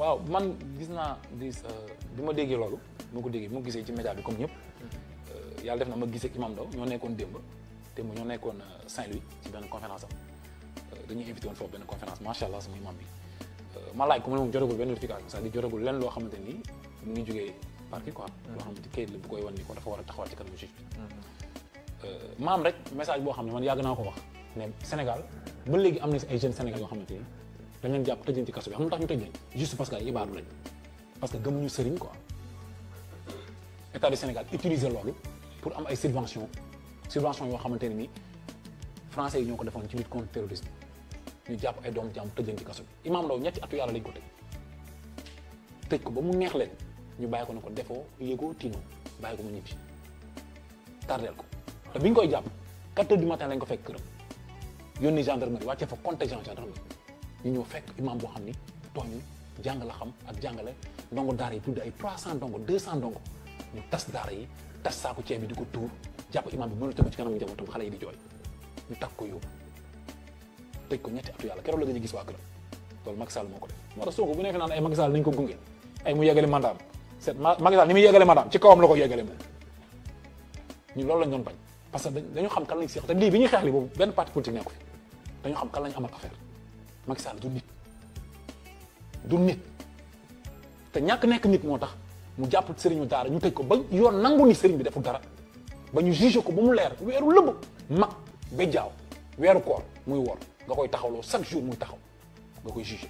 waaw man gis naa dis euh, bi ma déggee loolu moo ko déggee mu gisee ci média bi comme ñëpp euh, yàlla def na ma gisee imam Ndao ñoo nekkoon démb démb ñoo nekkoon euh, Saint-Louis ci benn conférence am dañuy invité woon foofu benn conférence macha allah sama imam bi ma laaj ko mu ne moom jotagul benn notification c'est-à-dire jotagul lenn loo xamante ni mu ngi jógee parquet quoi mm-hmm. loo xamante kayit koy wan ni ko dafa war a taxawaat ci kanamu juge bi mm-hmm. maam rek message boo xam ne man yàgg naa ko wax ne Sénégal léegi am na ay jeunes Sénégal yoo xamante ni dañ leen jàpp tëj leen ci kaso bi xam nga tax ñu tëj leen juste parce que ay ibaadu lañ parce que gëmuñu sëriñ quoi état du Sénégal utiliser loolu pour am ay subvention subvention yoo xamante ne ni français yi ñoo ko defoon ci lutte contre terrorisme ñu jàpp ay doomu jàpp tëj ci kaso bi Imam ñetti atu yàlla lañ ko tëj tëj ko ba mu neex leen ñu bàyyi ko ne ko defoo yëgoo tino bàyyi ko mu ñibbi tardeel ko te bi ñu koy jàpp 4 heures du matin lañ ko fekk këram yónni gendarmerie wàccee fa contingent gendarmerie ñu ñëw fekk imam boo xam ni tooñu jàng la xam ak jàngale ndongo daara yi tudde ay 300 ndongo 200 ndongo ñu tas daara yi tas saako ceeb bi di ko tuur jàpp imam bi mënu tegu ci kanam njabootam xale ñu takk ko yóbbu tëj ko ñetti atu yàlla gis waa loolu Macky Sall moo ko bu nekkee naan ay Macky Sall ko gunge ay mu yeggale mandaam seet Macky Sall ni muy yeggale mandaam ci kawam la ko yeggale moom ñu loolu lañ doon bañ parce dañu xam kan lañ seex te lii bi ñuy xeex boobu benn parti politique nekku dañu xam kan lañ amal affaire Macky Sall du nit du nit te ñàkk nekk nit moo tax mu jàpp sëriñu daara ñu tëj ko ba yoon nangu ni sëriñ bi deful dara ba ñu jugé ko ba mu leer weeru lëbb mag ba jaaw weeru koor muy wor nga koy taxawloo chaque jour muy taxaw nga koy jugé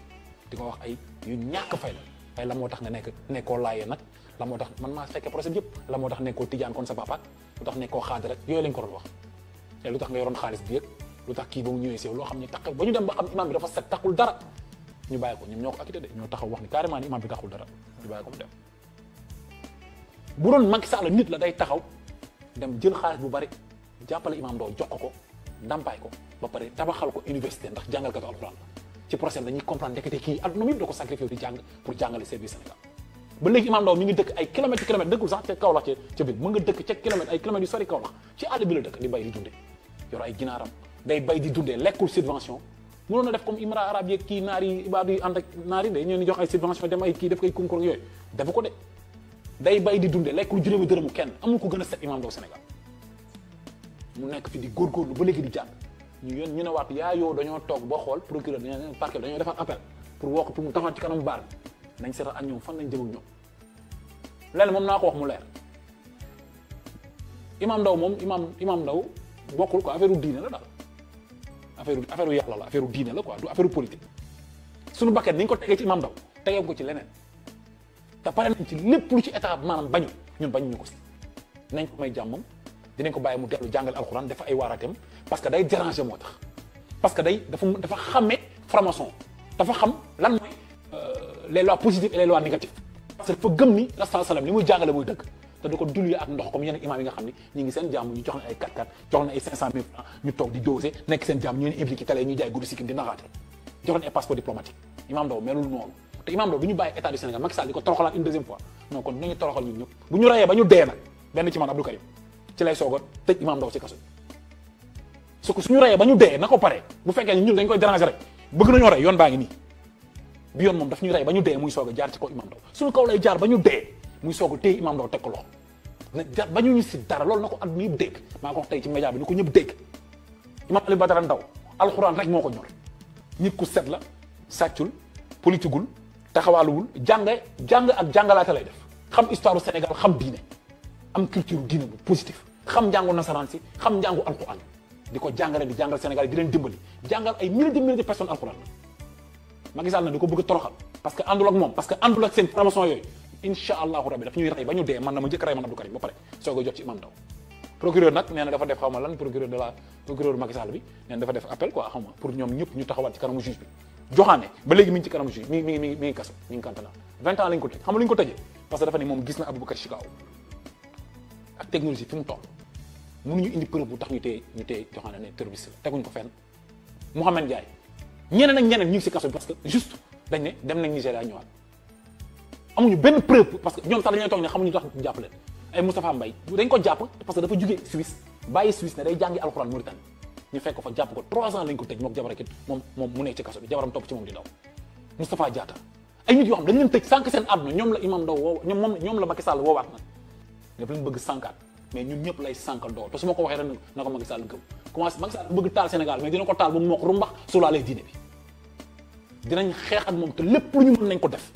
di ko wax ay yu ñàkk fay la waaye la moo tax nga nekk nekkoo laayee nag la moo tax man maa fekkee procès yëpp la moo tax nekkoo tijaan kon sa papa lu tax nekkoo xaadir rek yooyu lañ ko doon wax lu tax nga yoroon xaalis bi yëpp lu tax kii ba mu ñëwee si loo xam ne taxaw ba ñu dem ba xam imaam bi dafa set taxul dara ñu bàyyi ñoo taxaw wax ni carrément ni imaam bi taxul dara ñu bàyyi ko mu dem bu doon Macky nit la day taxaw dem jël xaalis bu bari jàppale imaam doo jox ko ko ko ba pare tabaxal ko université ndax jàngalkatu alxuraan la ci procès dañuy comprendre ndekete kii adduna mi da ko pour jàngale service Sénégal ba léegi ngi dëkk ay kilomètres kilomètres dëkkul sax ca Kaolack ca biir mu nga dëkk ca kilomètre ay kilomètres yu sori ci àll bi la dëkk di bay di dundee yor ay ginaaram day bay di dundé lekul subvention mënoon na def comme Imra Arab yeeg ki nari ibadu and ak nari yi de ñu ni jox ay subvention dem ay ki def kay concours yoy def ko de day bay di dundé lekul juroomi deureum kenn amul ko gëna set imam do Sénégal mu nekk fi di gor gor lu ba légui di jàng ñu yoon ñu ne waat yaa yow dañoo toog boo xool procureur dañoo parquet dañoo defar appel pour woo pour mu taxaw ci kanam baar bi nañ seetal ak ñoom fan lañ jëm ak ñoom lenn moom naa ko wax mu leer imam ndaw moom imam imam ndaw bokkul ko affaire diine la daal affaire affaire yàlla la affaire diine la quoi du affaire suñu bakket ni ñu ko tegee ci imam daw tegee ko ci leneen te pare nañ ci lépp lu ci état maanaam bañu ñun bañu ñu ko si nañ ko may jàmmam dinañ ko bàyyi mu dellu jàngal alxuraan dafa ay a waaraateem parce que day déranger moo tax parce que day dafa dafa xàmme franc-maçon dafa xam lan mooy euh, les lois positives et les lois négatives parce que dafa gëm ni li muy jàngale muy dëgg te du ko dul ak ndox comme yeneen imaam yi nga xam ne ñu ngi seen jàmm ñu jox na ay 4 4 jox na ay 500 000 francs ñu toog di dosé nekk seen jàmm ñu leen impliqué tale ñuy jaay guddi sikkim di naxaate jox na ay passeport diplomatique ñu bàyyi état du ko toroxalaat bu ñu rayee ba ñu dee ba ñu dee na ko pare bu fekkee ñun dañ koy déranger rek bëgg nañoo rey yoon baa ngi nii bi yoon moom daf ñu rey ba ñu dee muy soog a jaar ci kaw imaam Ndao suñu kaw lay jaar ba ñu dee muy soog a téye Imam Ndao teg ko loxo ne ja bañuñu si dara loolu na ko àdduna yëpp dégg maa ko wax tey ci média bi ni ko ñëpp dégg Imam Aliou Badara alxuraan rek moo ko ñor nit ku set la sàccul politikul taxawaaluwul jàng jàng ak jàngalaate lay def xam histoire du Sénégal xam diine am culture diine bu positif xam njàngu nasaraan si xam njàngu alxuraan di ko jàngale di jàngal Sénégal di leen dimbali jàngal ay milliers de milliers de personnes alxuraan Macky Sall na yooyu incha allahu rabbi daf ñuy ray ba ñu dee man dama jëk ray man Abdou Karim ba paré soog a jot ci man daw procureur nak néna dafa def xawma lan procureur de la procureur Macky Sall bi néna dafa def appel quoi xawma pour ñom ñëpp ñu taxawaat ci kanam juge bi joxane ba légui mi ci kanam juge mi mi mi mi ngi mi ngi kantana 20 ans lañ ko tej xam nga lu ñu ko tejé parce que dafa ni mom gis na bakari chikaw ak technologie fi mu toll ñu indi preuve bu tax ñu té ñu té joxane né terroriste la teguñ ko fenn mohammed Ndiaye ñene nak ñene ñu ci kasso parce que juste dañ né dem nañ Nigéria ñëwaat amuñu benn preuve parce que ñom sax dañu tok ni xamuñu tax ñu jàpp ay Moustapha Mbaye dañ ko japp parce que dafa juggé Suisse bàyyi Suisse né day jàngi alcorane Mauritanie ñu fekk ko fa japp ko 3 ans lañ ko tej mok jabar ak mom mom mu nekk ci kasso bi jabaram top ci mom di daw Moustapha Diatta ay nit yoo xam dañ leen tej sank sen àdduna ñom la imam daw ñom mom ñom la Macky Sall woowaat na daf leen bëgg sankat mais ñun ñëpp lay sankal do te su ma ko waxee ren na Macky Sall gëm commence Macky Sall bëgg taal Sénégal mais dina ko taal bu mok rumbax su laalee bi dinañ xéx ak mom té lepp lu ñu mën nañ ko def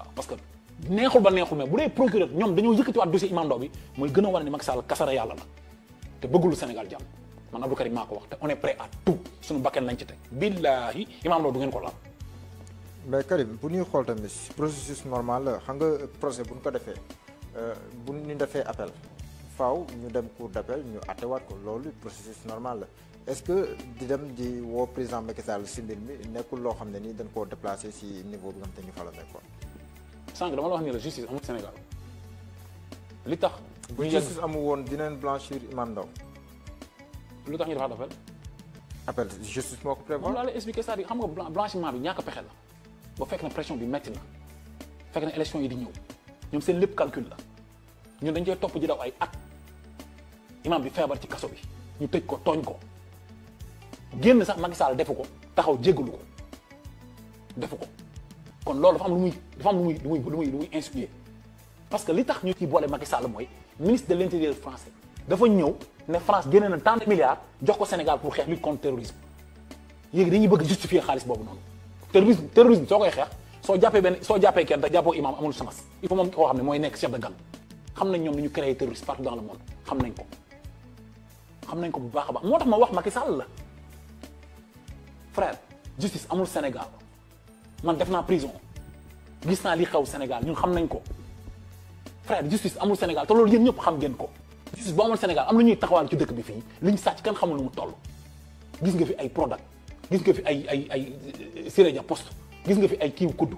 waaw parce que neexul ba neexul mais bu dee procureur ñoom dañoo yëkkatiwaat dossier Imam Ndao bi mooy gën a wane ni Macky Sall kasara yàlla la te bëggul Sénégal jàmm man Abdou Karim maa ko wax te on est prêt à tout suñu bakken nañ ci teg billaahi Imam Ndao du ngeen ko laal mais Karim bu ñuy xool tamit processus normal la xam nga procès bu ñu ko defee euh, bu ñu defee appel faaw ñu dem cour d'appel ñu attewaat ko loolu processus normal la est-ce que di dem di woo président Macky Sall si mi nekkul loo xam ne nii dañ koo déplacé si niveau bi te ñu fa la nekkoon sànq dama la wax ni la justice amul Sénégal li tax. bu justice amul woon dinañ blanchir Imam Ndao lu tax ñu defaat appel. appel justice moo ko prévoir. laa lay expliquer c'est-à-dire xam nga blanchiment bi ñàkk pexe la ba fekk na pression bi metti na fekk na élection yi di ñëw ñoom seen lépp calcul la ñun dañ koy topp ji daw ay at imam bi feebar ci kaso bi ñu tëj ko tooñ ko génn sax Macky Sall defu ko taxaw jégalu ko defu ko. kon loolu dafa am lu muy dafa am lu muy lu muy lu muy lu muy inspiré parce que li tax ñu ci boole Macky Sall mooy ministre de l' intérieur français dafa ñëw ne France génne na tant de milliards jox ko Sénégal pour xeex lutte contre terrorisme léegi dañuy bëgg justifier xaalis boobu noonu terrorisme terrorisme soo koy xeex soo jàppee benn soo jàppee kenn te jàppoo imam amul semence il faut moom koo xam ne mooy nekk chef de gang xam nañ ñoom ni ñu créé terroriste partout dans le monde xam nañ ko xam nañ ko bu baax a baax moo tax ma wax Macky Sall la frère justice amul Sénégal man def naa prison gis naa li xew Sénégal ñun xam nañ ko frère justice amul Sénégal te loolu yéen ñëpp xam ngeen ko justice bu amul Sénégal am na ñuy taxawal ci dëkk bi fii liñ sàcc kan xamul lu mu toll gis nga fi ay Prodac gis nga fi ay ay ay euh, Sirédia Poste gis nga fi ay kiiw kudd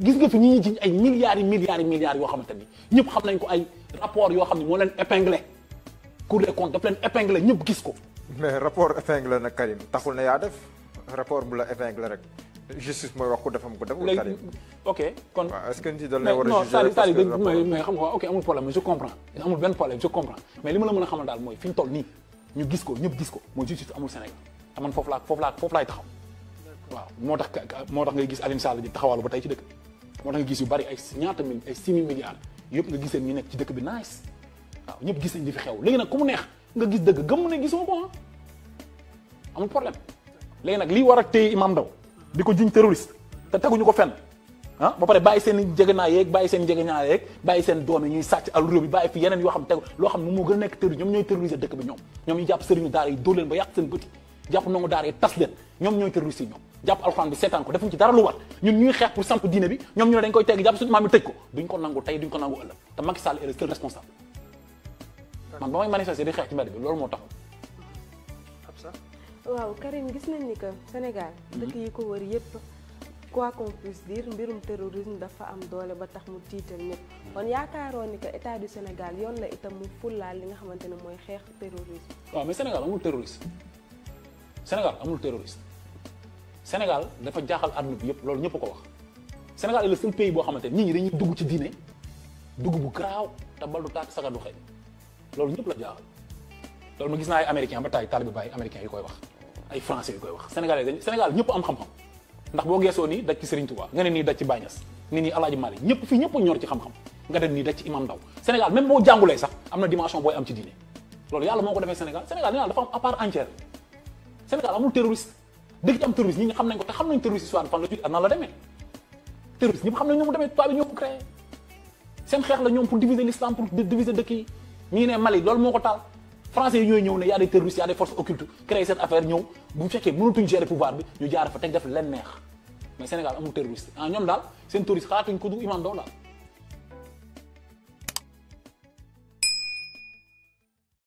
gis nga fi ñu ñu jiñ ay milliards yi milliards yi yoo xamante ni ñëpp xam nañ ko ay rapport yoo xam ne moo leen épinglé Cour des comptes daf leen épinglé ñëpp gis ko mais rapport épinglé na Karim taxul na yaa def rapport bu la épinglé rek justice mooy wax ku am ko def. léegi ok kon. est-ce que nit yi dañ lay war a juger parce que mais xam nga ok amul problème je comprends amul ben problème je comprends mais li la meuna xamal dal moy fi ñu toll nii ñu gis ko ñëpp gis ko moy justice amul Sénégal te man la laa la laa lay taxaw. waaw motax motax ngay gis Alioune Sall di taxawal ba tay ci dëkk motax ngay gis yu bari ay ñaata mil ay six mille milliards yëpp nga giseen ñu nekk ci dëkk bi nice waaw ñëpp gis nañ li fi xew léegi nag ku mu neex nga gis dëgg gëmm ne gisoo ko ah amul problème léegi nag lii war a téye Imam Ndao di ko jiñ terroriste te teguñu ko fenn ah ba pare bàyyi seen i jegeñaa yeeg bàyyi seen jegeñaa yeeg bàyyi seen doom yi ñuy sàcc al bi yoo xam loo ñoom ñooy terroriser dëkk bi ñoom ñoom ñu jàpp sëriñu daara yi dóor leen ba yàq seen ne dañ koy tegg jàpp suñu maam yi tëj ko duñ ko nangu tey duñ ko nangu ëllëg te Macky Sall est le responsable man ba may manifester di xeex ci mbedd bi loolu moo taxoon waaw Karim gis nañ ni que Sénégal. Mhm. dëkk ko wër yépp quoi qu'on puisse dire mbirum terrorisme dafa am doole ba tax mu tiital ñëpp mhm. kon yaakaaroon ni que état du Sénégal yoon la itam mu fullaal li nga xamante ne mooy xeex terrorisme. waaw mais Sénégal amul terroriste Sénégal amul terroriste Sénégal dafa jaaxal àdduna bi yëpp loolu ñëpp ko wax Sénégal est le pays boo xamante nit ñi dañuy dugg ci diine dugg bu garaaw te bal du tàkk sagar du xëy loolu ñëpp la jaaxal loolu ma gis naa ay américain ba taay taalibe baay américain yi koy wax. ay français koy wax sénégalais dañ sénégal ñëpp am xam-xam ndax bo gesso nini dacc ci Serigne Touba nga ni dacc daj ci Baye Niass nit ñi Alaaji ñëpp ñëpp ñor ci xam-xam nga dañ ni dacc ci Imam Ndaw sénégal même bo jangulé sax amna na dimension boy am ci diiné lolu yalla moko défé sénégal sénégal dina dafa am apart part entière sénégal amul terroriste dëgg ci am terroriste ñi nga xam nañ ko te xam nañ terroriste histoire fan la jóge ana la démé terroriste ñëpp xam nañ ñu mu démé tubaab yi ko créé seen xex la ñom pour diviser l'islam pour diviser dëkk yi ñi né Mali lolu moko tal français yi ñooy ñëw ne y a des terroristes y a des forces occultes créer cette affaire ñëw bu fekkee mënatuñ gérer pouvoir bi ñu jaar fa teg def leen mais Sénégal amul terroriste ah ñoom daal seen touriste xalaatuñ ko du iman doon daal